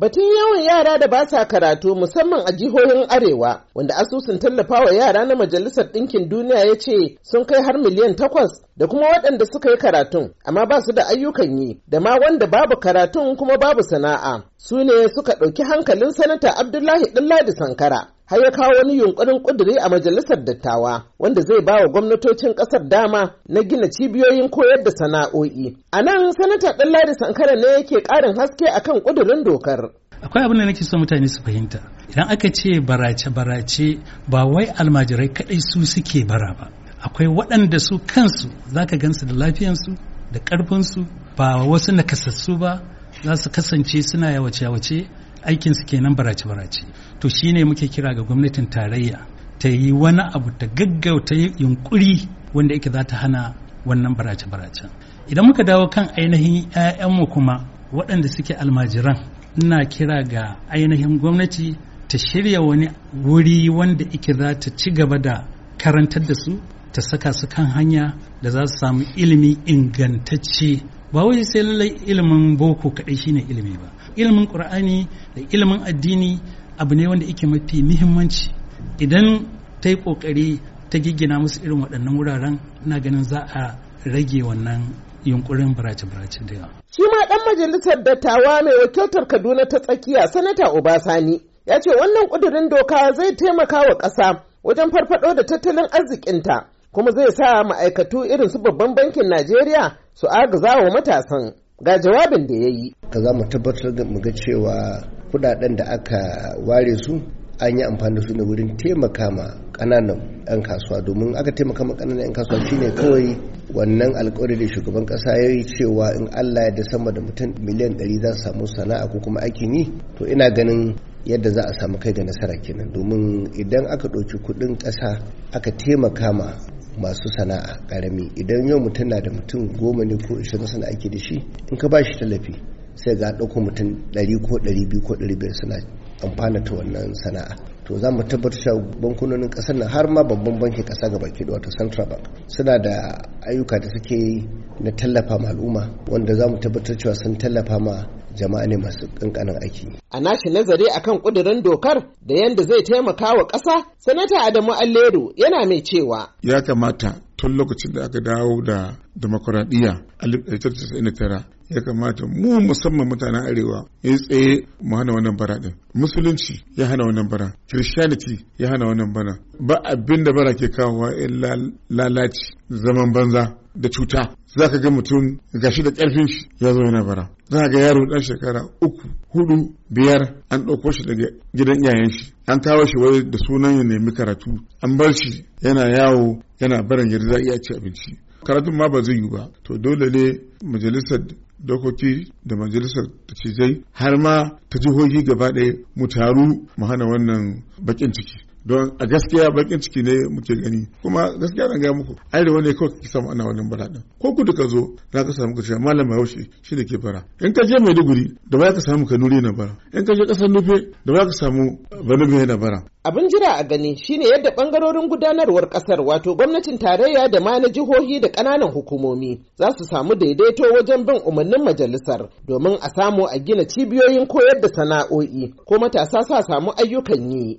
Batun yawan yara da ba sa karatu musamman a jihohin Arewa, wanda asusun tallafawa yara na Majalisar Ɗinkin Duniya ya ce sun kai har miliyan takwas da kuma waɗanda suka yi karatun, amma ba su da ayyukan yi, da ma wanda babu karatun kuma babu sana'a. Su ne suka ɗauki hankalin Sanata Abdullahi Ladi Sankara. har ya kawo wani yunkurin ƙuduri a majalisar dattawa wanda zai ba wa gwamnatocin ƙasar dama na gina cibiyoyin koyar da sana'o'i. A nan sanata Ladi Sankara ne yake ƙarin haske akan ƙudurin dokar. Akwai abin da nake so mutane su fahimta. Idan aka ce barace-barace ba wai almajirai kaɗai su suke bara ba. Akwai waɗanda su kansu za ka gansu da lafiyansu da ƙarfinsu ba wasu nakasassu ba za su kasance suna yawace-yawace aikin su kenan barace barace to shine muke kira ga gwamnatin tarayya ta yi wani abu ta gaggauta yunkuri wanda yake za ta hana wannan barace barace idan muka dawo kan ainihin 'ya'yanmu kuma waɗanda suke almajiran ina kira ga ainihin gwamnati ta shirya wani wuri wanda ike za ta ci gaba da karantar da su ta saka su kan hanya da za su samu ilimi ingantacce ba wai sai lallai ilimin boko kaɗai shine ilimi ba ilimin qur'ani da ilimin addini abu ne wanda yake mafi muhimmanci idan ta yi ƙoƙari ta giggina musu irin waɗannan wuraren na ganin za a rage wannan yunkurin barace-barace da yawa. Shi ma ɗan majalisar dattawa mai wakiltar Kaduna ta tsakiya sanata Obasani ya ce wannan ƙudurin doka zai taimaka wa ƙasa wajen farfaɗo da tattalin arzikinta kuma zai sa ma'aikatu irin su babban bankin Najeriya su agaza wa matasan ga jawabin da ya yi. Ka za mu tabbatar da muga cewa kudaden da aka ware su an yi amfani da su ne wurin taimaka ma ƙananan 'yan kasuwa domin aka taimaka ma ƙananan 'yan kasuwa shine kawai wannan alkawari da shugaban kasa ya yi cewa in Allah ya da sama da mutum miliyan 100 za su samu sana'a ko kuma aikin yi to ina ganin yadda za a samu kai ga nasara kenan domin idan aka ɗauki kuɗin ƙasa aka taimaka ma masu sana'a karami idan yau mutum na da mutum goma ne ko ishirin sana'a ake da shi in ka ba shi tallafi sai ga ɗauko mutum ɗari ko ɗari biyu ko ɗari biyar suna amfana ta wannan sana'a to za mu tabbatar cewa bankunonin ƙasar nan har ma babban bankin ƙasa ga baki da wata central bank suna da ayyuka da suke na tallafa al'umma wanda za mu tabbatar cewa sun tallafa ma jama'a ne masu kankanin aiki. A nashi nazari kan ƙudurin dokar da yadda zai taimaka wa ƙasa, Sanata Adamu Allero yana mai cewa. Ya kamata tun lokacin da aka dawo da demokuraɗiyya a 1999 ya kamata mu musamman mutanen arewa ya tsaye mu hana wannan bara din musulunci ya hana wannan bara christianity ya hana wannan bara ba abin da bara ke kawowa illa lalaci zaman banza da cuta za ka ga mutum gashi da ƙarfin shi ya zo yana bara za ga yaro ɗan shekara uku hudu biyar an ɗauko shi daga gidan iyayen shi an kawo shi wai da sunan ya nemi karatu an bar shi yana yawo yana barin yadda za a iya ci abinci karatun ma ba zai yi ba to dole ne majalisar dokoki da majalisar dattijai har ma ta jihohi gaba ɗaya mu taru mu hana wannan bakin ciki don a gaskiya bakin ciki ne muke gani kuma gaskiya na gaya muku arewa ne kawai kake samu ana wannan bara din ko kudu ka zo za ka samu kashe malam mai shi shine ke fara in ka je maiduguri da ba ka samu kanuri na bara in ka je kasar nufe da ba ka samu balube na bara abin jira a gani shine yadda bangarorin gudanarwar kasar wato gwamnatin tarayya da ma na jihohi da ƙananan hukumomi za su samu daidaito wajen bin umarnin majalisar domin a samu a gina cibiyoyin koyar da sana'o'i ko matasa sa samu ayyukan yi